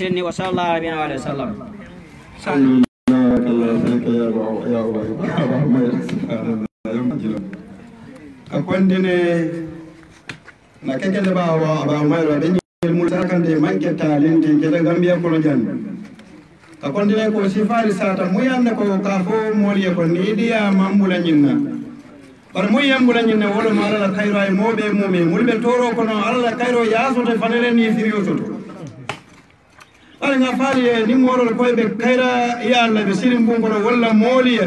ترني وصلى الله عليه وآله وسلم akondine na kekele bawa aba umairo abeni mulsa kande manke talin din kede gambia ko jan akondine ko sifari sata muyanne ko kafo moliye ko nidiya mambula nyinna bar mu yambula ñinne wolo ma alala kayro ay moɓe mume mulɓe toro kono alala kayro yasote fanere ni firiyototo ala nya faali e ɗimmorol koyeɓe kayra ya allah ɓe siri mbugol walla mooli e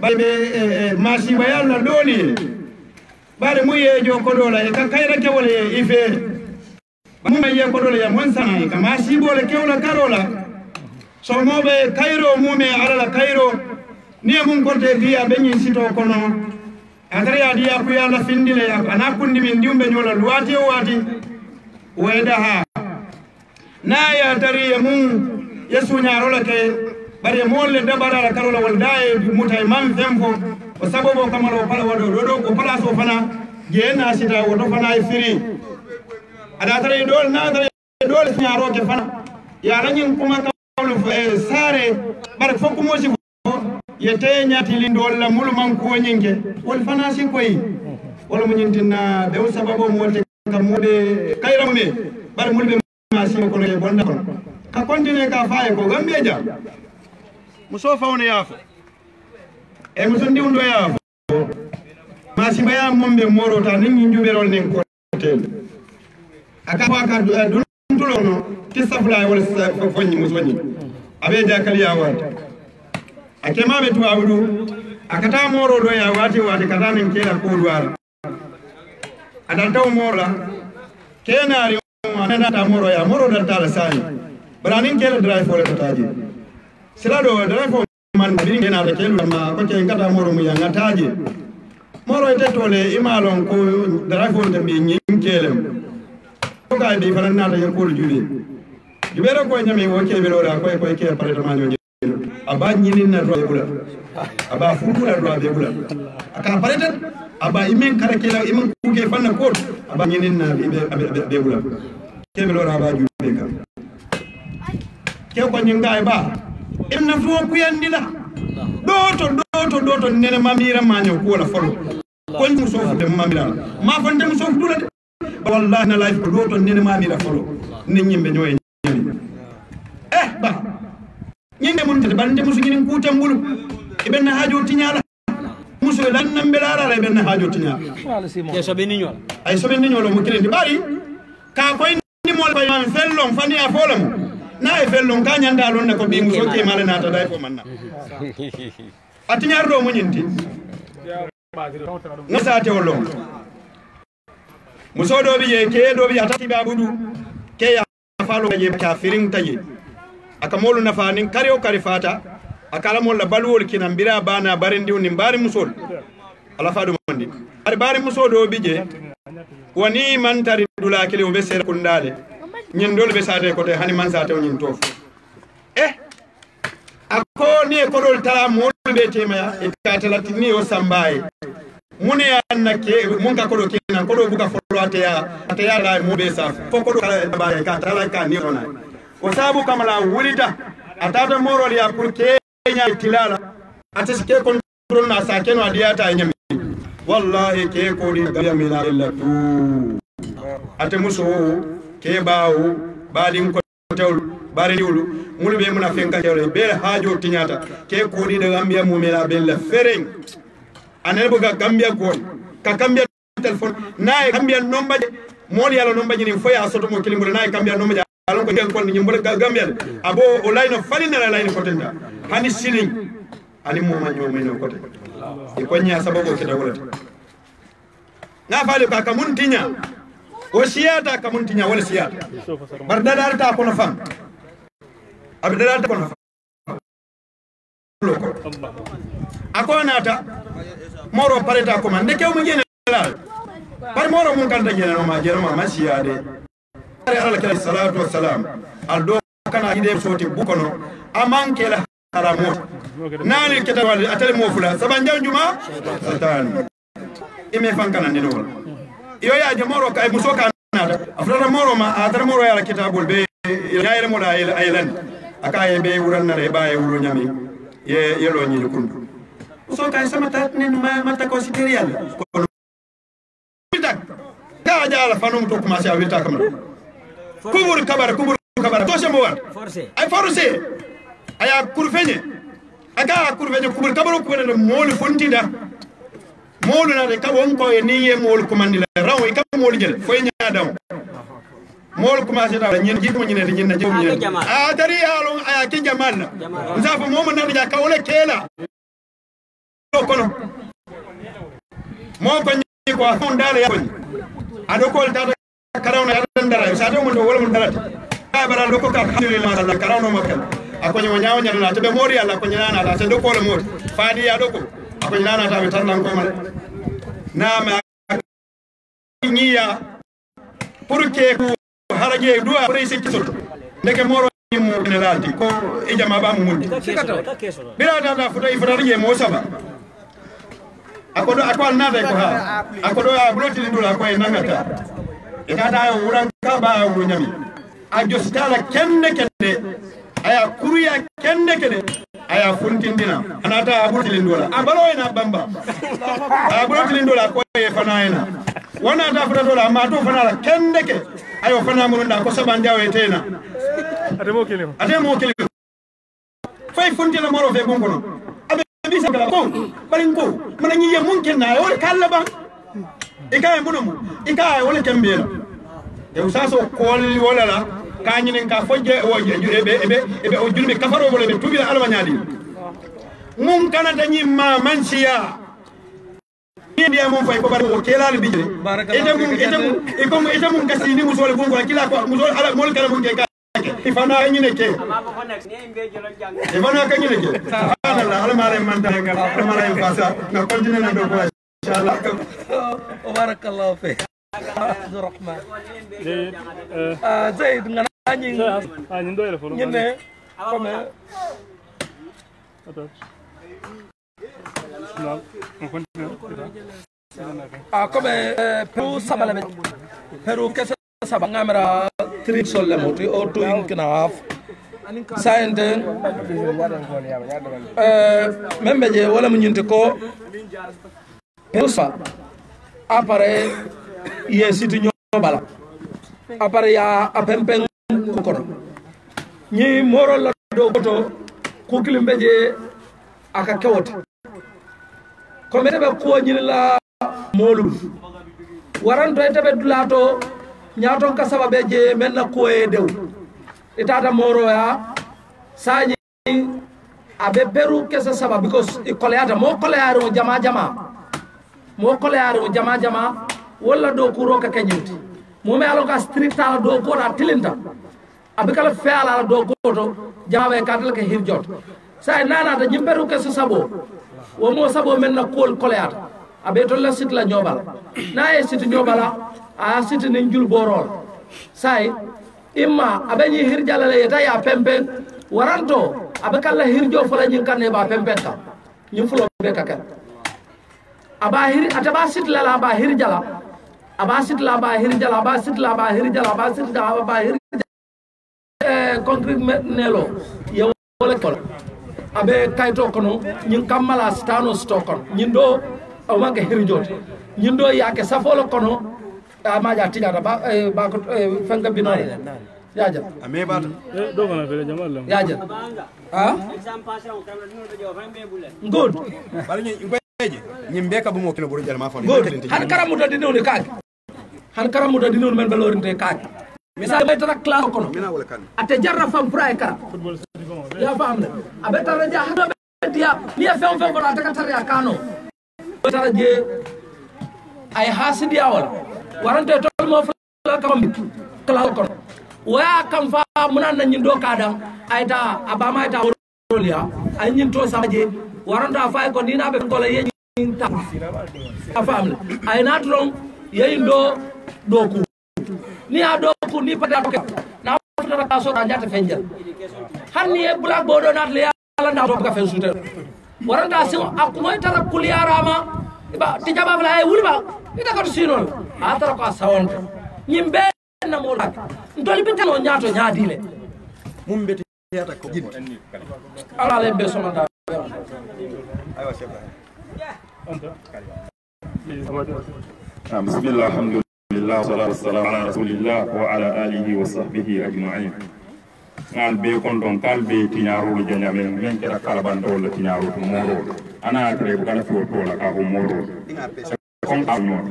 ɓayɓe masiba ya allah ɗooli e ɓaade muyeejo koɗola e ka kayra kewol e ife mumaye la ya mon sana e ka masibole kewla karola ala kayro mume alala kayro niye mum korte be ñiŋ sito kono atara yaadi yakuya allah findile ana kundi min ndiwɓe ñola luwati o waati wayda ha na ya tari ya mu yesu nyarola ke bari mool le la karola walda e man fem fo o sababu kamalo pala wado dodo ko place o fana jeena sita woto fana e firi ada tari dol na tari dol nyaro ke fana ya rañin kuma kawlu eh, sare bar fokku mo si yete ñatilinde la mulu nyinge wol fana si koyi wala nyintina be sababu mo wolte kam mude kayramu ne bar mulɓe relation kono e bonna kono ka continue ka faye ko gambe ja muso fawne yaafo e muso ndiwndo yaafo masimbaya mombe morota nin ñin juɓerol nin kotel aka fa ka duntulono eh, ti safla wala foñi musoñi aɓe ja kali ya wata a kemaɓe tuwaɓu ɗum akata moro ɗo ya wati wati kata nin keela koɗuwara aɗan taw morla kenari anenda moro ya moro da tara sani branin kelo drive for taji silado drive for man birin na da kelo ma ko ke ngata moro mu yanga taji moro ite tole imalon ko drive for da bi nyin kelem ko ga bi fanan na da yankuru juri jubera ko nyame wo ke belo da ko e ko e ke pare da manyo abaji ni na ro e aba fukula do abe bula aka paleta aba imen kala kela imen kuke fanna ko aba nyinin na be be bula kebe lora aba jube ka ke ko nyinga ba en na fuwo kuyandila doto doto doto nene mamira manyo ko la folo ni muso fu dem mamira ma fon dem muso fu wallahi na life doto nene mamira folo ne nyimbe nyoy eh ba nyinde mun tete bande musu nyinin kutam bulu ibenna hajo tiñala muso lan nam belara la ibenna hajo tiñala ya sabeni ñol ay sabeni ñol mo kilindi bari ka koy ni mol bay man fellon fani a folam na e fellon ka nyanda lon ne ko bi muso ke mala nata dai ko manna atiñar do mo ñinti ngasa te wolo muso do bi ye ke do bi atati babudu ke ya falo ye kafirin taye akamolu nafanin kare o kare fata akala mo la balwol kinan bira bana barendiw nin baari musol ala fadu mondi wondi ari baari musol o bije woni man tari dula kili o ɓe seeɗa kundale nyen dol be sate ko te hani man sate woni ñin eh ako ni e koɗol tala moɗol ɓe temaya e katelati ni o sambaye mune anna ke mun ka kinan ko do buka folo ateya ateya la mo be sa fo koɗo kala ka tala ka ni ona ko sabu kamala wulita atata moro ya pour ke nya kilala ate sike kon kuron na sake no adiya ta nya wallahi ke ko di ga mi na illa tu ate muso ke bawo balin ko tawul bari wulu mulu be muna fenka jawle be hajo tinyata ke ko di da gambia mu mera bella fereng anel buga gambia ko ka gambia telephone na gambia nomba moli yalo nomba ni foya soto mo kilimbo na gambia nomba alon ko jan kon ñimbol gal gambel abo o layno falina la layno kote nda hani sinin ani mo ma ñoo meno kote e ko nya sababu ke dawla na faali ka kamun tinya o siyata kamun tinya wala siyata bar dadal ta kono fam ab dadal ta kono fam akona ta moro pareta ko man de kew mu jena par moro mun kan ta ma jena ma siyade alakira salatu wassalam aldo kana ide soti bukono aman kela haramo nani keta wali atale mofula sabanjan juma satan ime fankana ni dol iyo ya jamoro kay eh, musoka nada afrara moro ma adara moro ya kitabul be yaire ya, mo da aylan akaye ya, be wuran nare baye ya, wuro nyami ye yelo ni kundu musoka sama tatnen ma mata considerial ko bitak ka jala fanum to kuma sha wita kamar kuburu kabara kuburu kabara toshe mo forcé ay forcé aya feñe aka kurfeñe kuburu kabaro kubene moolu fontida moolu na de kabon ko e ni ye moolu kumandi la raw e kam moolu jël foy ñaadaw moolu commencé daw ñen jitu ñen de ñen jom ñen a dari yalo aya ke jamal la nsafa momu na ja ka wala kela kono mo ko ñi ko on dala ya ado ko dala karawna ndara sate mundo wala mun darati ay bara do ko ka alhamdulillah sala karano ma kan akonyo nyawo nyado na tebe mori ala konyo na ala sendo ko mori fadi ya do ko akonyo na ta be tan ko mal na ma nyiya pour que ko haraje duwa pour isi kisoto ndeke moro mu generalti ko e jama ba mu mundi bira ta ta futa ifrariye mo saba akodo akwal nada ko ha akodo a buloti ndula ko e nangata e kata yo wuran kaba wunyami ajostala kende kende aya kuruya kende kende aya funtindina anata abutilindola abalo ina bamba abutilindola kwa yefana ina wana atafuta dola ama tu fana la kende ke ayo fana murunda kwa sababu ndio tena atemo kilimo atemo fai funtila moro fe bongono abe bisa kala ko balingo mana nyiye munkin na yore kallaba ikaye bunumu ikaye wala yow saso kolli wolala kañinen ka fojje eɓe eɓe eɓe o julɓe kafarobolo ɓe tuɓira alamañaɗi mum kana dañimma mansiya ndiya mum fay ko bare o kelani bijre ete mum ete mum eko ete mum gasi ni musole bum ko ko musole ala mol kala mum ke kake ifana kañine ke ifana kañine ke subhanallah alamare manta ngal alamare fasa na continue na do ko inshallah oh, oh, barakallahu fi عبد الرحمن جيد زيد نغني نغني ندوي فور نغني كما نعم كما بيرو سبلا بيرو كسا سبا نغمرا تريب سول لموتي او تو انكناف sayende membe je wala mu ñinte ko herusa appareil ye siti ñobala apare ya apempen kono ñi moro la do goto ku kilimbe je aka kewota ko mede be ko ñil la molum waranto e tebe dulato ñaton ka sababe je men na ko e dew itata moro ya sañi abe beru kesa saba because i koleata mo koleyaaro jama jama mo koleyaaro jama jama wala do kuro ka kenyuti momi alo ka stricta do ko ra tilinta abe kala fe ala do ko jawe katal ke hirjot sai nana ta jimberu ke so sabo wo mo sabo men na kol koleata abe to la sit la nyobal na e sit nyobala a sit nin njul borol Say, imma abe ni hirjala le ta ya pempen waranto abe kala hirjo fala nyin kan ba pempen ta nyin fulo be Abahir aba hir ataba sit la hirjala abasit la bahir jal abasit la bahir jal abasit la bahir concrete nelo yo wala ko abe kayto kono nyin kamala stano sto kono nyin do o manke hirjote nyin do yake safolo kono ama ja tijata ba e, ba ko e, fanga binore yajal ame ba eh, do kono fele jamal lam yajal ha good bari nyi nyi mbeka bu mo kino buru jal ma fon good har karamu to dinde kake han mo da dinul men balorin te kaaj misal bay tara class ko no ate jarra fam pray kara ya fam na abe tara ja hado dia ni fam fam ko ate katara ya kano tara je ay dia awal warante to mo ka kam class ko wa kam fa munan nan nyindo kadam ay ta abama ta ya ay sa je waranta fa ko ya na be ko la ni ta na ay ye ndo doku ni a doku ni pada doku na fotara ta so ranja ta fenja ni e bula bodo na le ala na ka fen sutel waranta sin akuma tara kuliyarama ba tijaba fala e ni da ko sinon a tara ko sawonta nyimbe na mo lak ndol bitano nyaato le mum beti yata ko jindi ala le be soma da aywa chefa bismillah alhamdulillah alhamdulillah salatu wassalamu ala rasulillah wa ala alihi wa sahbihi ajma'in ngal be kon don kal be tiñaruɗo jañamen min keta kala bantowolla tiñaru to moroɗo ana tere bukala fiwo tola ka ko moroɗo comme kam noon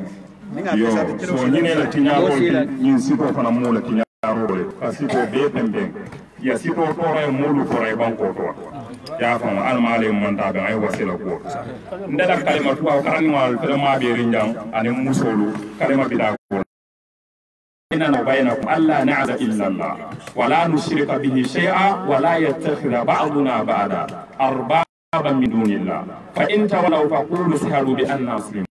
yo so ñinela tiñarol ñin siko fana mula tiñarole ka siko be pemben ya siko tora e molu tora e banko toa ya fama almale manta ben ay wasila ko ndada kalima tuwa karanwal vraiment be rinjam ane musolu kalima bida inna bainakum alla na'budu illa Allah wa la nushrika bihi shay'a wa la yattakhidhu ba'duna ba'da arbaban min dunillah fa in tawallaw fa qulu sahadu bi anna muslimun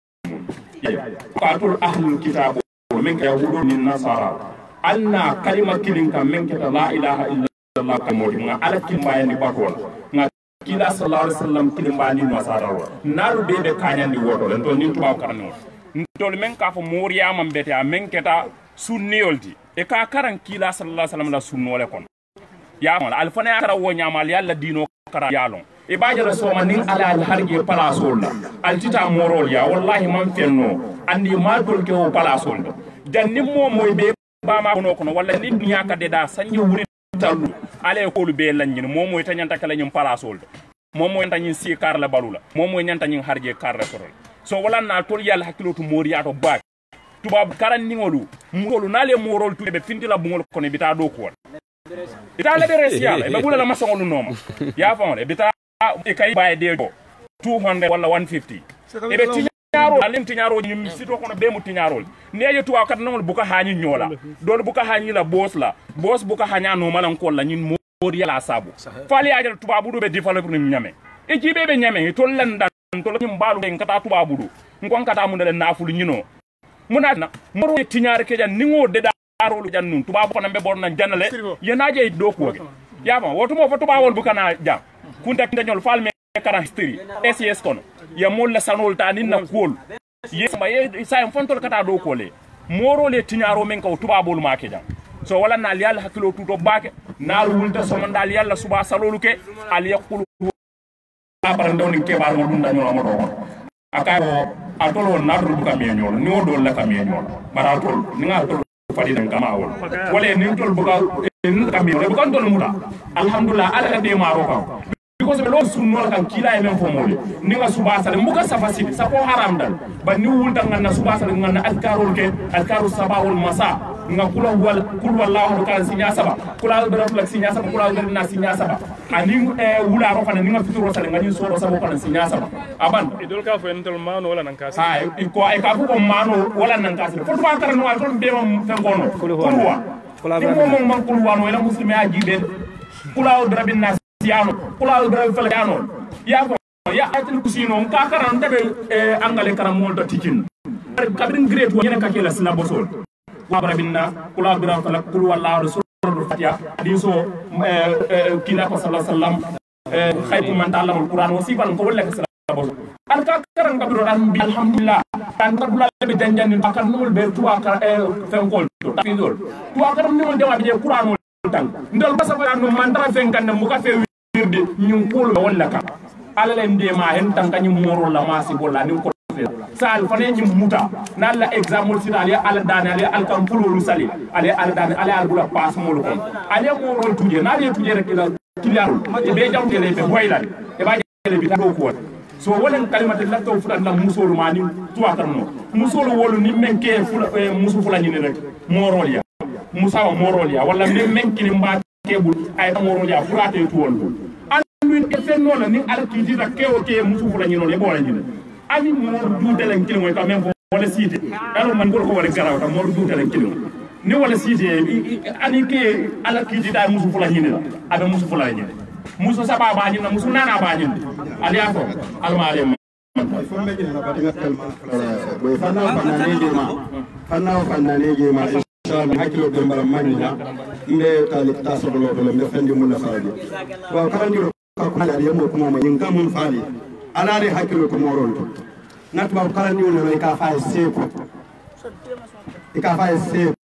qatul ahlul kitab min yahudu min nasara anna kalimat kilin kam min kita la ilaha illa Allah kamur ma alakin bayani bakwal nga kila sallallahu alaihi wasallam kilin bayani nasara nar bebe kanyandi wodo ndo nintu bawkarno ndo men kafo muriyamam bete a men kita sunniyol di e ka karan kila sallallahu alaihi wasallam la sunno le kon ya mala al fana ya kara wo nyamal yalla dino kara yalon e bajara soma nin ala al harge palasol la al tita morol ya wallahi man fenno andi madol ke o palasol do dan nim mo moy be bama kono kono walla ni dunya ka de da sanyo wuri tallu ale ko lu be lanyin mo moy tanyanta kala nyim palasol do mo moy tanyin si kar la balula mo moy nyanta nyin harge kar la korol so wala na tol yalla hakilotu moriyato bak tubabu karan niŋolu musolu n'ale moorolu tu be fintila buŋolu kono i be taa doo kuwo la i taa la masoŋolu nooma ye a faŋo la i be taa i ka i baa 200 walla 150 i be tiñaarol alim tiñaarol ñim sito kono be mu tiñaarol ni ye je tubabu kata buka haañi ñoo la buka haañi la boos la boos buka haaña nooma lankol la la saabu faali ye a je la tubaabu du be développe nim ñame e jiibee be ñame i tol lan dan tol ñim baalu ŋ ka taa mu ne le naafulu munana moro tiñaare ke jan niŋo dedaarolu jan nun tubaabu kono be borna janale yenaje e dow kuwoke yama wotumo fo tubaawol bukana jam kunta kintañol faal me karan histiri ss kono ye moolu la sanol ta nin na kuwolu yesama ye sayen fontol kata dow kuwole morol ye tiñaaro men kaw tubaabolu maake jam so wala naal yalla hakkilo tuto baake naalu wulta somandal yalla suba salolu ke al yaqulu abara ndawni kebar mo dum dañu amado akaro atolo narul buka miyenyol ni wodo la ka miyenyol bara ni nga atol fadi dan kama wol ni tol buka ni ka miyol buka tol muda alhamdulillah ala de maro ka biko se lo sunno kan kila e men fo mole ni nga suba muka safasi sa ko haram dan ba ni wul tan na suba ngana azkarul ke azkarus sabahul masa nga kula wal kul wallahu kala sinya saba kula al baratu lak sinya saba kula al baratu na sinya saba ani e eh, wula ro fana ni nga fituro sala nga ni so ro sabo kala sinya saba aban idol ka fen tol mano wala nan kasi ay ko ay ka ko mano wala nan kasi ko ba tar no al ton be mam fen gono kulwa kula al baratu man kulwa no ila muslimi a jibe kula al baratu na siyano kula al baratu fala yano ya ko ya atin kusino ka karan tabe eh, angale karamol do tikin kabrin grade ko nyene ka kela sina bosol wabra binna kula bira tala kul walla rasulul fatiha hadiso eh, eh, kila ko sallallahu alaihi wasallam eh, khaytu man ta'allama alquran wa sibal ko wala ka an ka karan ka biro an bi alhamdulillah kan ka bula be danjan ni bakar no be tuwa ka e fenkol to fi dol tuwa ka ni mon dewa be quran tan ndol basa ko no man tan fen kan mu ka fe wirde nyum kul wala ka ala le ndema hen tan ka nyum moro la ma si bolla ni ko safira sal fane ñim muta nalla example sita ali ala dane ali al kam fulolu sali ali ala dane ali al bula pass molu kon ali mo rol tuje na ali tuje rek ila kilaru e be e jam tele be boylal e ba tele bi do ko so wolen kalimati latto fulan la musolu mani tuwa tan no musolu wolu ni men ke fula e musu fula ñine rek mo rol ya musawa mo rol ya wala men men kini mba kebul ay mo rol ya furate tuwol andu e fenno la ni alkidira kewo ke musu fula ñino le bo la ñine ami moolu duutelen kiliŋo ka meŋ fo wala siite ala man goro ko wala garawta moolu duutelen kiliŋo ni wala siite ani ke ala kiititaa musu fula ñini la a be musu fula ñini musu sabaa baa ñini na musu naanaa baa ñini ali yaa fo alama ale ma fana o fananejema fana o fananejema mi hakkilo ɓe mbara mañina mbe tali ta sohloɓe le mbe fendi mun na faaji waw karandiro kakko haali aɗa yemmo kumoma ñin kam mum faali alaade hakimu ko moron Nat ba ko kala niwnono e ka fa e seeko e ka fa e seeko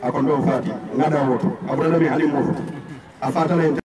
fati ɗo faati gaɗa woto abuɗanami haali moto a